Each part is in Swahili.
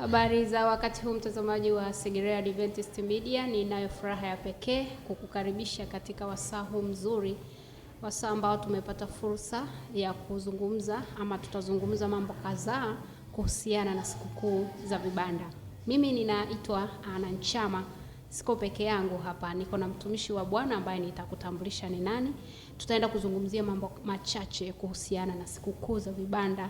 Habari za wakati huu mtazamaji wa Segerea Adventist Media, ninayo furaha ya pekee kukukaribisha katika wasaa huu mzuri, wasaa ambao tumepata fursa ya kuzungumza ama tutazungumza mambo kadhaa kuhusiana na sikukuu za vibanda. Mimi ninaitwa Ana Nchama, siko peke yangu hapa, niko na mtumishi wa Bwana ambaye nitakutambulisha ni nani. Tutaenda kuzungumzia mambo machache kuhusiana na sikukuu za vibanda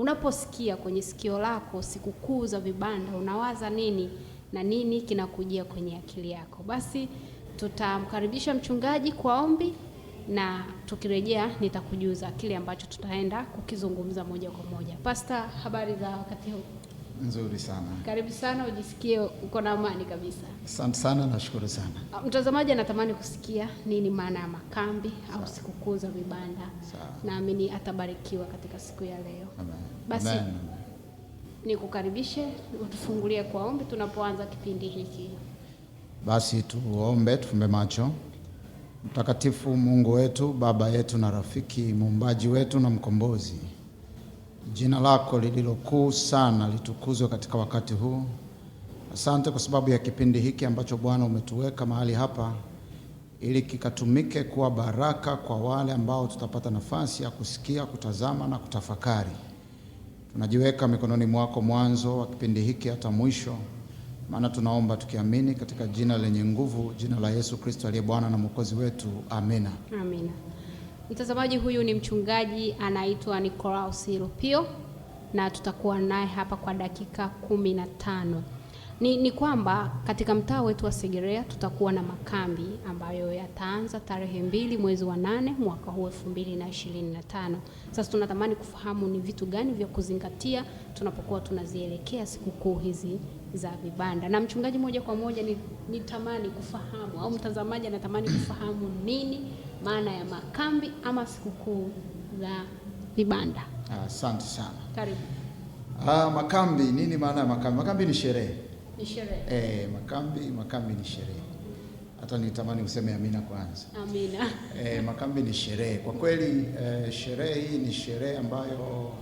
Unaposikia kwenye sikio lako sikukuu za vibanda, unawaza nini na nini kinakujia kwenye akili yako? Basi tutamkaribisha mchungaji kwa ombi na tukirejea nitakujuza kile ambacho tutaenda kukizungumza moja kwa moja. Pasta, habari za wakati huu? Nzuri sana. Karibu sana, ujisikie uko na amani kabisa. Asante sana, nashukuru sana. Ah, mtazamaji anatamani kusikia nini maana ya makambi au sikukuu za vibanda. Naamini atabarikiwa katika siku ya leo. Amen. Basi Nikukaribishe utufungulie kwa ombi tunapoanza kipindi hiki. Basi tuombe, tufumbe macho. Mtakatifu Mungu wetu, baba yetu na rafiki, muumbaji wetu na mkombozi, jina lako lililokuu sana litukuzwe katika wakati huu. Asante kwa sababu ya kipindi hiki ambacho Bwana umetuweka mahali hapa ili kikatumike kuwa baraka kwa wale ambao tutapata nafasi ya kusikia, kutazama na kutafakari. Tunajiweka mikononi mwako mwanzo wa kipindi hiki hata mwisho, maana tunaomba tukiamini katika jina lenye nguvu, jina la Yesu Kristo aliye Bwana na Mwokozi wetu, amina, amina. Mtazamaji, huyu ni mchungaji anaitwa Nicolaus rupio na tutakuwa naye hapa kwa dakika kumi na tano ni, ni kwamba katika mtaa wetu wa Segerea tutakuwa na makambi ambayo yataanza tarehe mbili mwezi wa nane mwaka huu elfu mbili na ishirini na tano. Sasa tunatamani kufahamu ni vitu gani vya kuzingatia tunapokuwa tunazielekea sikukuu hizi za vibanda. Na mchungaji, moja kwa moja nitamani ni kufahamu au mtazamaji anatamani kufahamu nini maana ya makambi ama sikukuu za vibanda? Asante sana, karibu. Ah, makambi, nini maana ya makambi? Makambi ni sherehe ni sherehe eh, makambi makambi ni sherehe. Hata nitamani useme amina kwanza. Amina. Eh, makambi ni sherehe kwa kweli. Eh, sherehe hii ni sherehe ambayo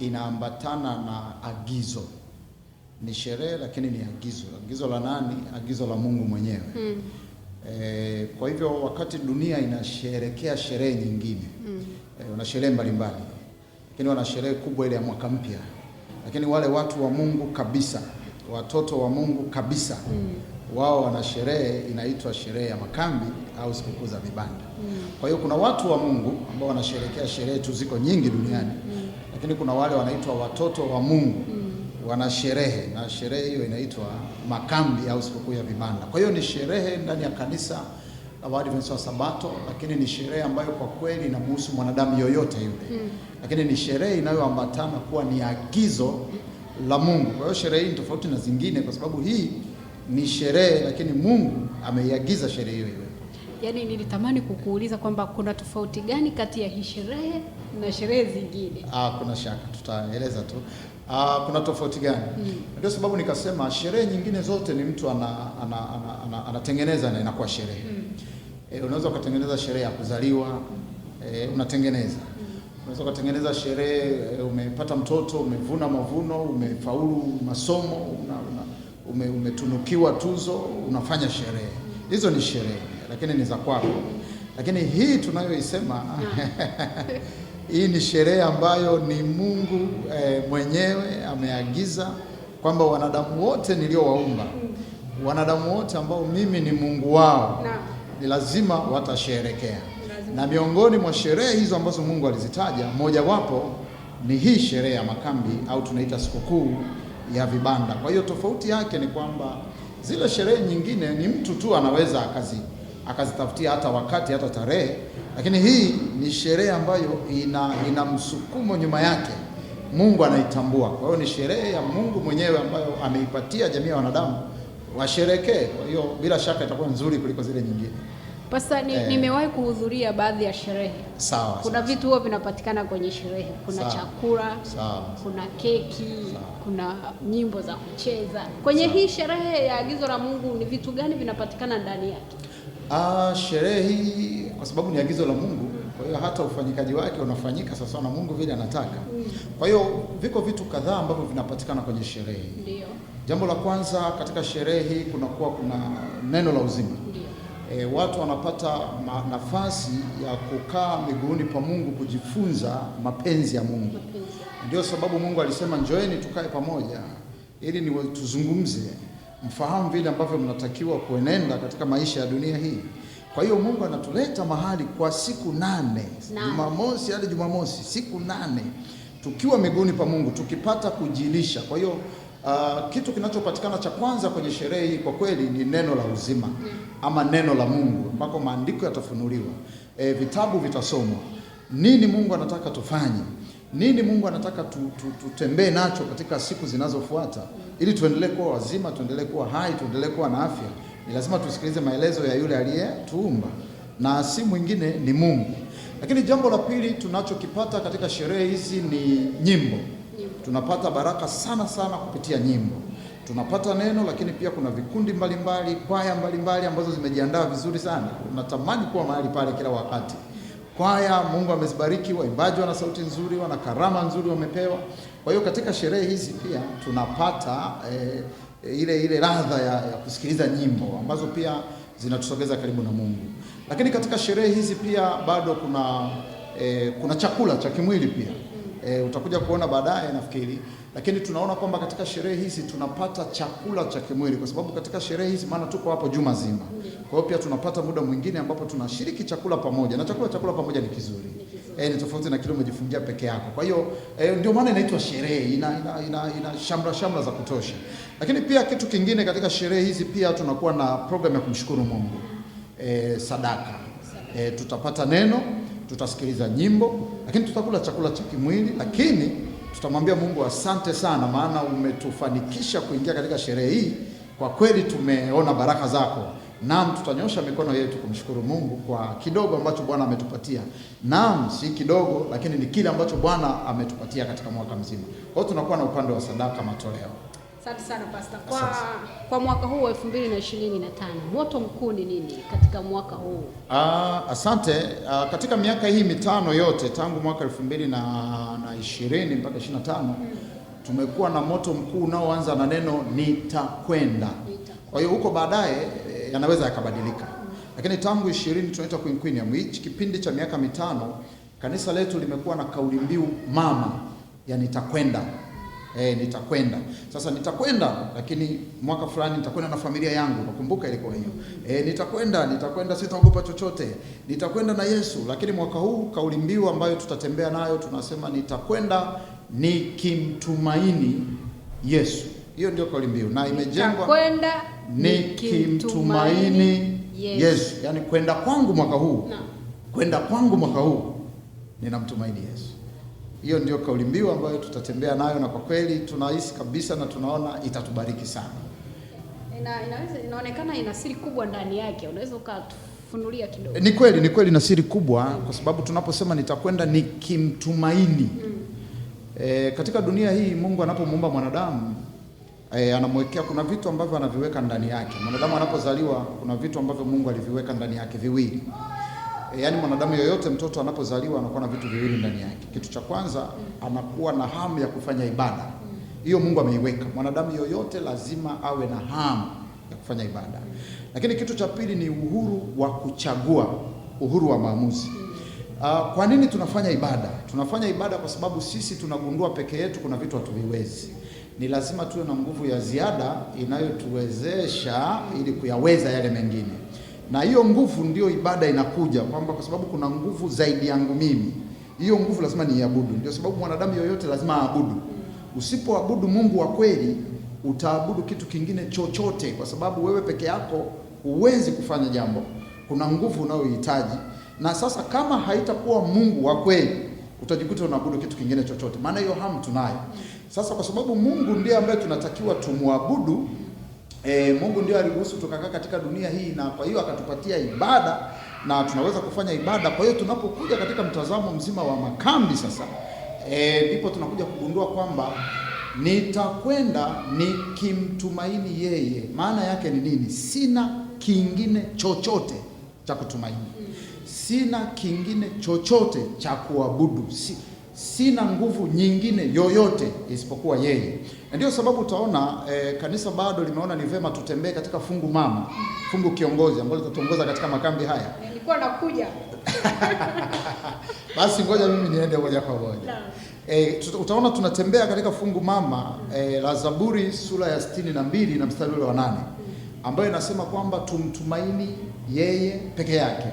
inaambatana na agizo. Ni sherehe lakini ni agizo. Agizo la nani? Agizo la Mungu mwenyewe Hmm. E, kwa hivyo wakati dunia inasherekea sherehe nyingine mm. E, wana sherehe mbalimbali, lakini wana sherehe kubwa ile ya mwaka mpya, lakini wale watu wa Mungu kabisa watoto wa Mungu kabisa mm. Wao wana sherehe inaitwa sherehe ya makambi au sikukuu za vibanda mm. Kwa hiyo kuna watu wa Mungu ambao wanasherekea sherehe tu, ziko nyingi duniani mm. Lakini kuna wale wanaitwa watoto wa Mungu mm. Wana sherehe na sherehe hiyo inaitwa makambi au sikukuu ya vibanda. Kwa hiyo ni sherehe ndani ya kanisa la Waadventista wa Sabato, lakini ni sherehe ambayo kwa kweli inamhusu mwanadamu yoyote yule mm. Lakini ni sherehe inayoambatana kuwa ni agizo mm la Mungu. Kwa hiyo sherehe hii ni tofauti na zingine kwa sababu hii ni sherehe, lakini Mungu ameiagiza sherehe hiyo iwe. Yaani, nilitamani kukuuliza kwamba kuna tofauti gani kati ya hii sherehe na sherehe zingine? Ah, kuna shaka, tutaeleza tu. Ah, kuna tofauti gani? Hmm. Ndio mm. sababu nikasema sherehe nyingine zote ni mtu anatengeneza ana, ana, ana, ana, ana na inakuwa sherehe E, unaweza ukatengeneza sherehe ya kuzaliwa mm. E, unatengeneza Unaweza ukatengeneza sherehe, eh, umepata mtoto, umevuna mavuno, umefaulu masomo, una, una, ume, umetunukiwa tuzo, unafanya sherehe. Hizo ni sherehe, lakini ni za kwako. Lakini hii tunayoisema hii ni sherehe ambayo ni Mungu eh, mwenyewe ameagiza kwamba wanadamu wote niliowaumba, wanadamu wote ambao mimi ni Mungu wao, ni lazima watasherekea na miongoni mwa sherehe hizo ambazo Mungu alizitaja, mojawapo ni hii sherehe ya makambi au tunaita sikukuu ya vibanda. Kwa hiyo tofauti yake ni kwamba zile sherehe nyingine ni mtu tu anaweza akazi akazitafutia hata wakati hata tarehe, lakini hii ni sherehe ambayo ina, ina msukumo nyuma yake, Mungu anaitambua. Kwa hiyo ni sherehe ya Mungu mwenyewe ambayo ameipatia jamii ya wanadamu washerekee. Kwa hiyo bila shaka itakuwa nzuri kuliko zile nyingine. Sasa ni, eh, nimewahi kuhudhuria baadhi ya sherehe. Sawa. Kuna sawa, vitu huwa vinapatikana kwenye sherehe. Kuna sawa, chakula, sawa, kuna keki, sawa, kuna nyimbo za kucheza. Kwenye sawa, hii sherehe ya Agizo la Mungu ni vitu gani vinapatikana ndani yake? Ah, sherehe hii kwa sababu ni agizo la Mungu, kwa hiyo hata ufanyikaji wake unafanyika sasa na Mungu vile anataka. Mm. Kwa hiyo viko vitu kadhaa ambavyo vinapatikana kwenye sherehe. Ndio. Jambo la kwanza katika sherehe hii kunakuwa kuna neno la uzima. Ndiyo e, watu wanapata nafasi ya kukaa miguuni pa Mungu kujifunza mapenzi ya Mungu. Ndio sababu Mungu alisema njoeni tukae pamoja ili ni tuzungumze, mfahamu vile ambavyo mnatakiwa kuenenda katika maisha ya dunia hii. Kwa hiyo Mungu anatuleta mahali kwa siku nane, Jumamosi hadi Jumamosi, siku nane tukiwa miguuni pa Mungu, tukipata kujilisha. Kwa hiyo Uh, kitu kinachopatikana cha kwanza kwenye sherehe hii kwa kweli ni neno la uzima mm. ama neno la Mungu ambako maandiko yatafunuliwa, e, vitabu vitasomwa, nini Mungu anataka tufanye, nini Mungu anataka tutembee tu, tu, nacho katika siku zinazofuata, ili tuendelee kuwa wazima, tuendelee kuwa hai, tuendelee kuwa na afya. Ni lazima tusikilize maelezo ya yule aliyetuumba na si mwingine, ni Mungu. Lakini jambo la pili tunachokipata katika sherehe hizi ni nyimbo tunapata baraka sana sana kupitia nyimbo, tunapata neno, lakini pia kuna vikundi mbalimbali, kwaya mbalimbali ambazo zimejiandaa vizuri sana. Unatamani kuwa mahali pale kila wakati. Kwaya Mungu amezibariki, waimbaji wana sauti nzuri, wana karama nzuri wamepewa. Kwa hiyo katika sherehe hizi pia tunapata eh, ile ile ladha ya, ya kusikiliza nyimbo ambazo pia zinatusogeza karibu na Mungu. Lakini katika sherehe hizi pia bado kuna eh, kuna chakula cha kimwili pia e, utakuja kuona baadaye nafikiri, lakini tunaona kwamba katika sherehe hizi tunapata chakula cha kimwili, kwa sababu katika sherehe hizi, maana tuko hapo juma zima. Kwa hiyo pia tunapata muda mwingine ambapo tunashiriki chakula pamoja, na chakula chakula pamoja ni kizuri E, ni tofauti na kile umejifungia peke yako. Kwa hiyo e, ndio maana inaitwa sherehe, ina, ina, ina, ina shamra shamra za kutosha. Lakini pia kitu kingine katika sherehe hizi pia tunakuwa na program ya kumshukuru Mungu e, sadaka e, tutapata neno tutasikiliza nyimbo, lakini tutakula chakula cha kimwili, lakini tutamwambia Mungu asante sana, maana umetufanikisha kuingia katika sherehe hii. Kwa kweli tumeona baraka zako. Naam, tutanyosha mikono yetu kumshukuru Mungu kwa kidogo ambacho Bwana ametupatia. Naam, si kidogo, lakini ni kile ambacho Bwana ametupatia katika mwaka mzima. Kwa hiyo tunakuwa na upande wa sadaka, matoleo. Asante sana Pastor. Kwa, kwa mwaka huu wa 2025 moto mkuu ni nini katika mwaka huu? Ah, asante. uh, katika miaka hii mitano yote tangu mwaka 2020 mpaka 25 hmm, tumekuwa na moto mkuu unaoanza na neno nitakwenda. Nita. Kwa hiyo huko baadaye eh, yanaweza yakabadilika, lakini tangu 20 tunaita Queen Queen, hichi kipindi cha miaka mitano kanisa letu limekuwa na kauli mbiu mama ya nitakwenda eh, nitakwenda sasa, nitakwenda lakini mwaka fulani nitakwenda na familia yangu, nakumbuka ilikuwa hiyo eh, nitakwenda nitakwenda, sitaogopa chochote, nitakwenda na Yesu. Lakini mwaka huu kauli mbiu ambayo tutatembea nayo tunasema nitakwenda nikimtumaini Yesu. Hiyo ndio kauli mbiu na imejengwa kwenda nikimtumaini Yesu. Yesu, yaani kwenda kwangu mwaka huu no. kwenda kwangu mwaka huu ninamtumaini Yesu. Hiyo ndio kauli mbiu ambayo tutatembea nayo, na kwa kweli tunahisi kabisa na tunaona itatubariki sana. Ina, inaweza, inaonekana ina siri kubwa ndani yake, unaweza ukatufunulia kidogo? Ni kweli, ni kweli na siri kubwa mm. kwa sababu tunaposema nitakwenda nikimtumaini mm. e, katika dunia hii Mungu anapomuumba mwanadamu e, anamwekea kuna vitu ambavyo anaviweka ndani yake. Mwanadamu anapozaliwa kuna vitu ambavyo Mungu aliviweka ndani yake viwili Eh, yani mwanadamu yoyote, mtoto anapozaliwa anakuwa na vitu viwili ndani yake. Kitu cha kwanza mm. anakuwa na hamu ya kufanya ibada, hiyo Mungu ameiweka. Mwanadamu yoyote lazima awe na hamu ya kufanya ibada, lakini kitu cha pili ni uhuru wa kuchagua, uhuru wa maamuzi. Uh, kwa nini tunafanya ibada? Tunafanya ibada kwa sababu sisi tunagundua peke yetu kuna vitu hatuviwezi. Ni lazima tuwe na nguvu ya ziada inayotuwezesha ili kuyaweza yale mengine na hiyo nguvu ndio ibada inakuja kwamba kwa sababu kuna nguvu zaidi yangu mimi, hiyo nguvu lazima niiabudu. Ndio sababu mwanadamu yoyote lazima aabudu. Usipoabudu Mungu wa kweli, utaabudu kitu kingine chochote, kwa sababu wewe peke yako huwezi kufanya jambo. Kuna nguvu unayohitaji, na sasa kama haitakuwa Mungu wa kweli, utajikuta unaabudu kitu kingine chochote, maana hiyo hamu tunayo. Sasa kwa sababu Mungu ndiye ambaye tunatakiwa tumwabudu E, Mungu ndio aliruhusu tukakaa katika dunia hii na kwa hiyo akatupatia ibada na tunaweza kufanya ibada. Kwa hiyo tunapokuja katika mtazamo mzima wa makambi sasa e, ndipo e, tunakuja kugundua kwamba nitakwenda nikimtumaini yeye. Maana yake ni nini? Sina kingine chochote cha kutumaini, sina kingine chochote cha kuabudu, sina nguvu nyingine yoyote isipokuwa yeye. Na ndio sababu utaona e, kanisa bado limeona ni vema tutembee katika fungu mama, fungu kiongozi ambalo litatuongoza katika makambi haya. Nilikuwa nakuja. Basi ngoja mimi niende moja kwa moja. E, utaona tunatembea katika fungu mama e, la Zaburi sura ya sitini na mbili na mstari ule wa nane ambayo inasema kwamba tumtumaini yeye peke yake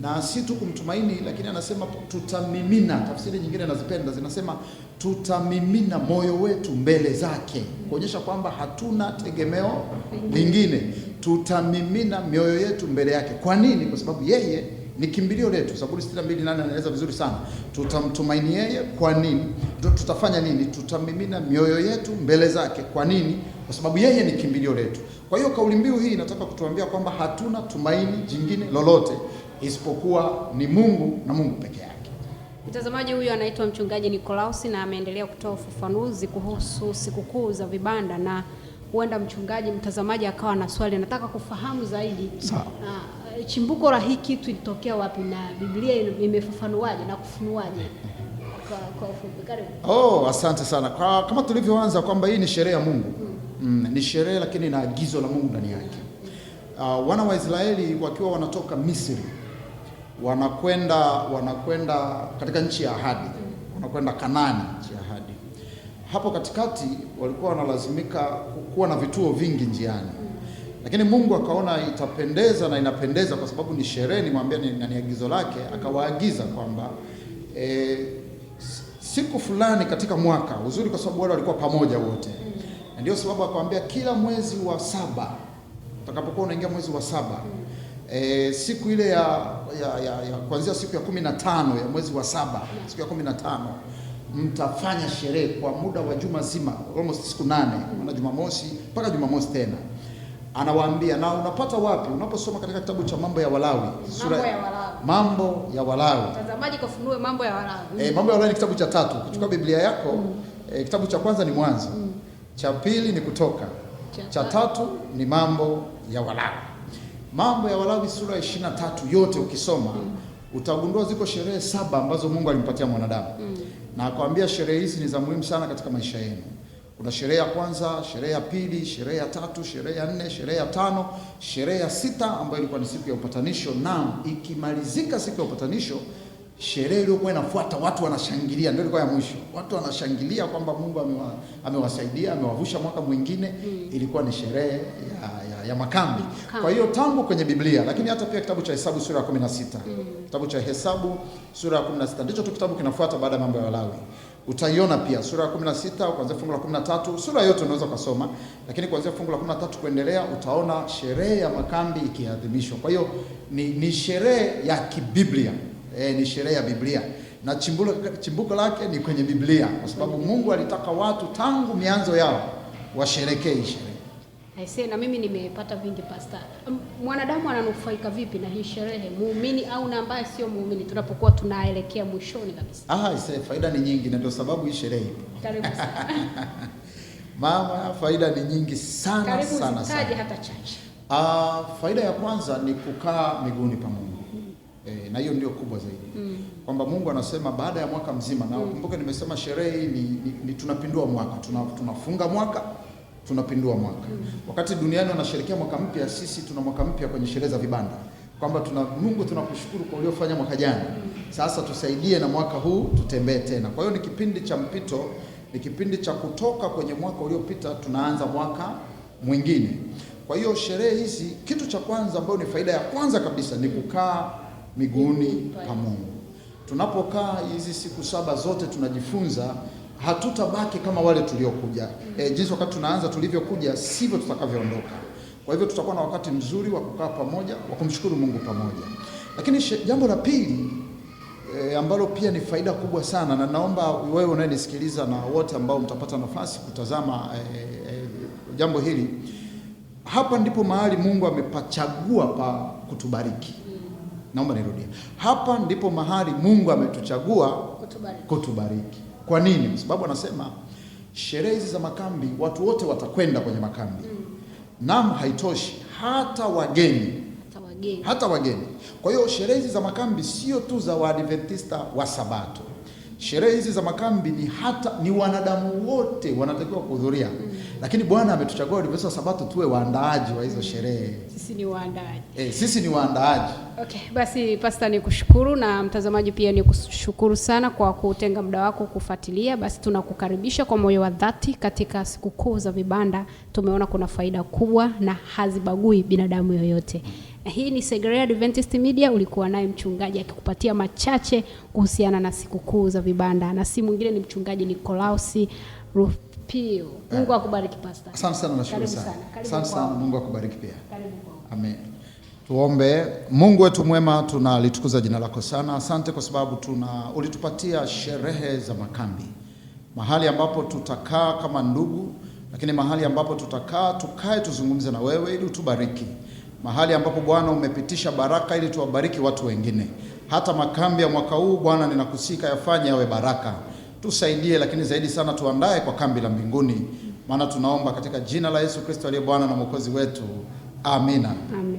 na si tu kumtumaini, lakini anasema tutamimina. Tafsiri nyingine nazipenda, zinasema tutamimina moyo wetu mbele zake, kuonyesha kwamba hatuna tegemeo lingine. Tutamimina mioyo yetu mbele yake. Kwa nini? Kwa sababu yeye ni kimbilio letu. Zaburi 62:8 anaeleza vizuri sana, tutamtumaini yeye. Kwa nini? Tutafanya nini? Tutamimina mioyo yetu mbele zake. Kwa nini? Kwa sababu yeye ni kimbilio letu. Kwa hiyo kauli mbiu hii inataka kutuambia kwamba hatuna tumaini jingine lolote isipokuwa ni Mungu na Mungu peke yake. Mtazamaji huyo anaitwa mchungaji Nikolausi na ameendelea kutoa ufafanuzi kuhusu sikukuu za vibanda, na huenda mchungaji mtazamaji akawa na swali, anataka kufahamu zaidi uh, chimbuko la hii kitu ilitokea wapi na Biblia imefafanuaje na kufunuaje? Kwa, kwa oh, asante sana kwa, kama tulivyoanza kwamba hii ni sherehe ya Mungu mm. Mm, ni sherehe lakini na agizo la Mungu ndani yake. Uh, wana wa Israeli wakiwa wanatoka Misri wanakwenda wanakwenda katika nchi ya ahadi, wanakwenda kanani nchi ya ahadi. Hapo katikati walikuwa wanalazimika kuwa na vituo vingi njiani, lakini Mungu akaona itapendeza na inapendeza, kwa sababu ni sherehe, nimwambia ni agizo lake, akawaagiza kwamba e, siku fulani katika mwaka uzuri, kwa sababu wale walikuwa pamoja wote, ndio sababu akamwambia kila mwezi wa saba, utakapokuwa unaingia mwezi wa saba E, siku ile ya, ya, ya, ya kuanzia siku ya kumi na tano ya mwezi wa saba siku ya kumi na tano mtafanya sherehe kwa muda wa juma zima almost siku nane maana Jumamosi mpaka Jumamosi tena anawaambia na unapata wapi? Unaposoma katika kitabu cha mambo ya Walawi sura mambo ya Walawi, mtazamaji kafunue mambo ya Walawi eh, mambo ya Walawi ni kitabu cha tatu. Kuchukua Biblia yako mm. E, kitabu cha kwanza ni Mwanzo mm. cha pili ni Kutoka cha, cha tatu ni mambo ya Walawi. Mambo ya Walawi sura ya ishirini na tatu yote ukisoma mm. utagundua ziko sherehe saba ambazo Mungu alimpatia mwanadamu mm. na akwambia sherehe hizi ni za muhimu sana katika maisha yenu. Kuna sherehe ya kwanza, sherehe ya pili, sherehe ya tatu, sherehe ya nne, sherehe ya tano, sherehe ya sita ambayo ilikuwa ni siku ya upatanisho, na ikimalizika siku ya upatanisho sherehe iliyokuwa inafuata, watu wanashangilia, ndio ilikuwa ya mwisho. Watu wanashangilia kwamba Mungu amewa, amewasaidia amewavusha mwaka mwingine mm. Ilikuwa ni sherehe ya, ya, ya makambi Kambi. Kwa hiyo tangu kwenye Biblia, lakini hata pia kitabu cha Hesabu sura ya 16 mm. Kitabu cha Hesabu sura ya 16 ndicho tu kitabu kinafuata baada ya mambo ya Walawi utaiona pia sura ya 16 kuanzia fungu la 13. Sura yote unaweza kusoma, lakini kuanzia fungu la 13 kuendelea utaona sherehe ya makambi ikiadhimishwa. Kwa hiyo ni, ni sherehe ya kibiblia e, ni sherehe ya Biblia na chimbuko, chimbuko lake ni kwenye Biblia kwa sababu Mungu alitaka watu tangu mianzo yao washerekee sherehe. Aisee, na mimi nimepata vingi pasta. Um, mwanadamu ananufaika vipi na hii sherehe, muumini au na ambaye sio muumini, tunapokuwa tunaelekea mwishoni kabisa? Ah, aisee, faida ni nyingi na ndio sababu hii sherehe ipo. Karibu sana. Mama, faida ni nyingi sana. Karibu sana sana. Hata chache. Ah, faida ya kwanza ni kukaa miguuni pa Mungu. E, na hiyo ndio kubwa zaidi mm. Kwamba Mungu anasema baada ya mwaka mzima na ukumbuke, mm. nimesema sherehe hii ni, ni, ni tunapindua mwaka tuna, tunafunga mwaka tunapindua mwaka mm. Wakati duniani wanasherekea mwaka mpya, sisi tuna mwaka mpya kwenye sherehe za vibanda, kwamba tuna Mungu tunakushukuru kwa uliofanya mwaka jana mm. Sasa tusaidie na mwaka huu tutembee tena. Kwa hiyo ni kipindi cha mpito, ni kipindi cha kutoka kwenye mwaka uliopita tunaanza mwaka mwingine. Kwa hiyo sherehe hizi, kitu cha kwanza ambayo ni faida ya kwanza kabisa ni kukaa miguuni pa Mungu. Tunapokaa hizi siku saba zote tunajifunza, hatutabaki kama wale tuliokuja. Mm. E, jinsi wakati tunaanza tulivyokuja sivyo tutakavyoondoka. Kwa hivyo tutakuwa na wakati mzuri wa kukaa pamoja, wa kumshukuru Mungu pamoja. Lakini jambo la pili E, ambalo pia ni faida kubwa sana na naomba wewe unayenisikiliza na wote ambao mtapata nafasi kutazama e, e, jambo hili, hapa ndipo mahali Mungu amepachagua pa kutubariki. Naomba nirudie, hapa ndipo mahali Mungu ametuchagua kutubariki. Kutubariki kwa nini? Kwa sababu anasema sherehe hizi za makambi, watu wote watakwenda kwenye makambi mm. Naam, haitoshi hata wageni, hata wageni, hata wageni. Kwa hiyo sherehe hizi za makambi sio tu za Waadventista wa Sabato. Sherehe hizi za makambi ni hata ni wanadamu wote wanatakiwa kuhudhuria mm. Lakini Bwana ametuchagua Universal Sabato tuwe waandaaji wa hizo sherehe. Sisi ni waandaaji. Eh, sisi ni waandaaji. Okay, basi Pastor kushukuru na mtazamaji pia nikushukuru sana kwa kutenga muda wako kufuatilia. Basi tunakukaribisha kwa moyo wa dhati katika sikukuu za vibanda. Tumeona kuna faida kubwa na hazibagui binadamu yoyote. Hii ni Segerea Adventist Media, ulikuwa naye mchungaji akikupatia machache kuhusiana na sikukuu za vibanda, na si mwingine ni mchungaji Nikolausi Ruth Pio. Eh. Mungu akubariki pastor. Asante sana, nashukuru sana. Asante sana, Mungu akubariki pia. Karibu kwa. Amen. Tuombe. Mungu wetu mwema, tunalitukuza jina lako sana. Asante kwa sababu tuna ulitupatia sherehe za makambi, mahali ambapo tutakaa kama ndugu, lakini mahali ambapo tutakaa tukae tuzungumze na wewe ili utubariki, mahali ambapo Bwana umepitisha baraka ili tuwabariki watu wengine. Hata makambi ya mwaka huu Bwana ninakusika yafanye yawe baraka tusaidie, lakini zaidi sana tuandae kwa kambi la mbinguni, maana tunaomba katika jina la Yesu Kristo aliye Bwana na Mwokozi wetu, amina, amina.